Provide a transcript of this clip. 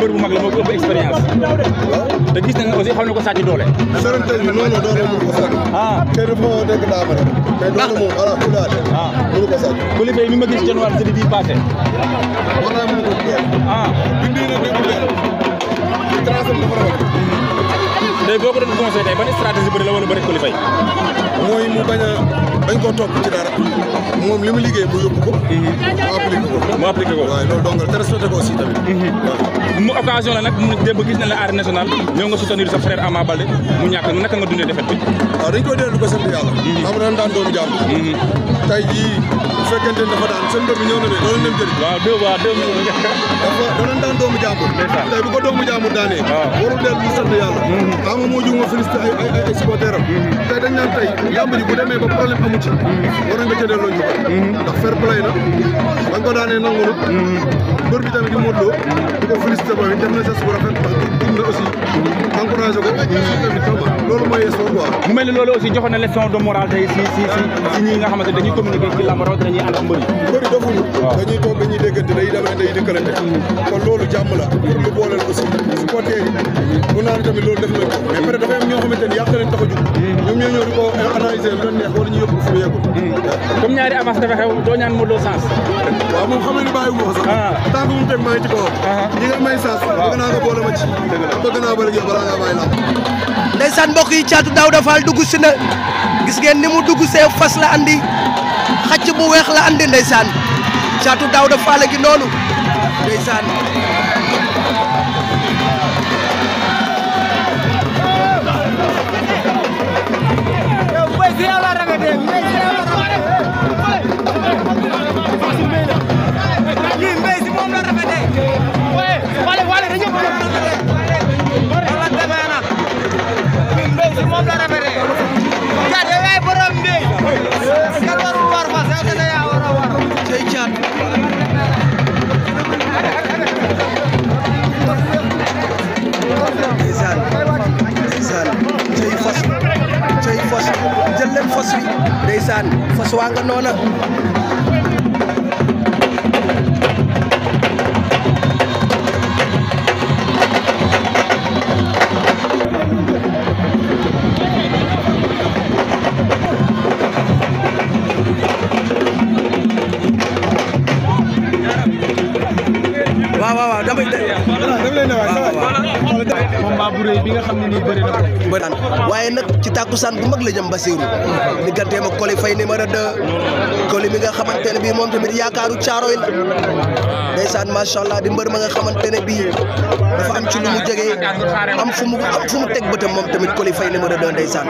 mbër bu mag la moo ko ëpp expérience te gis nañ aussi xam na ko sàcc doole. sërënte bi noonu la doole mënu ko sàcc. ah te dafa dégg daa ma rek. mais doole moom voilà ku daal ah mënu ko sàcc. Koulibaly mi ma gis januar sëriñ bii passé. war naa mën ko ah. bind na déglu leen. tracé mu ko tey boo ko doon conseillé tey ban stratégie bëri la wala bëri ko li fay. mooy mu bañ a bañ koo topp ci dara moom li mu liggéey mu yóbbu ko. mu appliqué ko mu appliqué ko mu occasion la nag mu démb gis na la arène nationale ñëw nga soutenir sa frère Ama Baldé mu ñàkk naka nga dundee defet bi. waaw dañ koy dellu ko sant yàlla. xam mm-hmm. na daan doomu jàmm. Mm-hmm. tey jii. fekkente dafa daan seen doom yi ñëw na de loolu lañ jëriñ. waaw deux da doon daan doomu jàmbur. tey bu ko doomu jàmbur daanee. waaw warul dellu yàlla. Mm-hmm. xam nga moo juguma félicité ay ay ay supporter am. Mm-hmm. tey dañ naan tey làmb ji bu demee ba problème amu ci. Mm-hmm. war nañ ko cee delloo ñu ko. ndax fair play na. bañ ko di Modou Lo di ko félicité booy def mu mel ni loolu aussi joxoon na leçon de morale tey si si si si ñi nga xamante dañuy communiquer ci làmb rawatina ñuy ànd ak mbër yi mbër yi dofuñu dañuy toog dañuy déggante mm-hmm. kon loolu jàmm la pour lu booleel aussi supporter yi mm-hmm. mun tamit loolu def nañ ko mm-hmm. mais peut-être dafa am ñoo xamante ni yàq a di ko eh, analyser lu leen neex ah. mu teg maa ngi ci ah. ñi nga may sens bëgg boole ma ci bëgg naa bëri yow balaa ndeysaan mbokk yi caatu Daouda Fall dugg si na gis ngeen ni mu dugg see fas la andi xacc bu weex la andi ndeysaan caatu Daouda Fall gi noonu ndeysaan ndeysaan ndeysaan cey fas cey fas jël leen fas wi ndeysaan fas waa nga noona combat bu rëy bi nga xam ne nii bëri na ko bëri waaye nag ci tàkkusaan bu mag la jëm Basiru digganteem ak Coly Faye numéro 2 Coly mi nga xamante ne bii moom tamit yaakaaru caaroy la ndeysaan macha allah di mbër ma nga xamante ne bii dafa am ci lu mu jógee am fu mu am fu mu teg bëtam moom tamit Coly Faye numéro 2 ndeysaan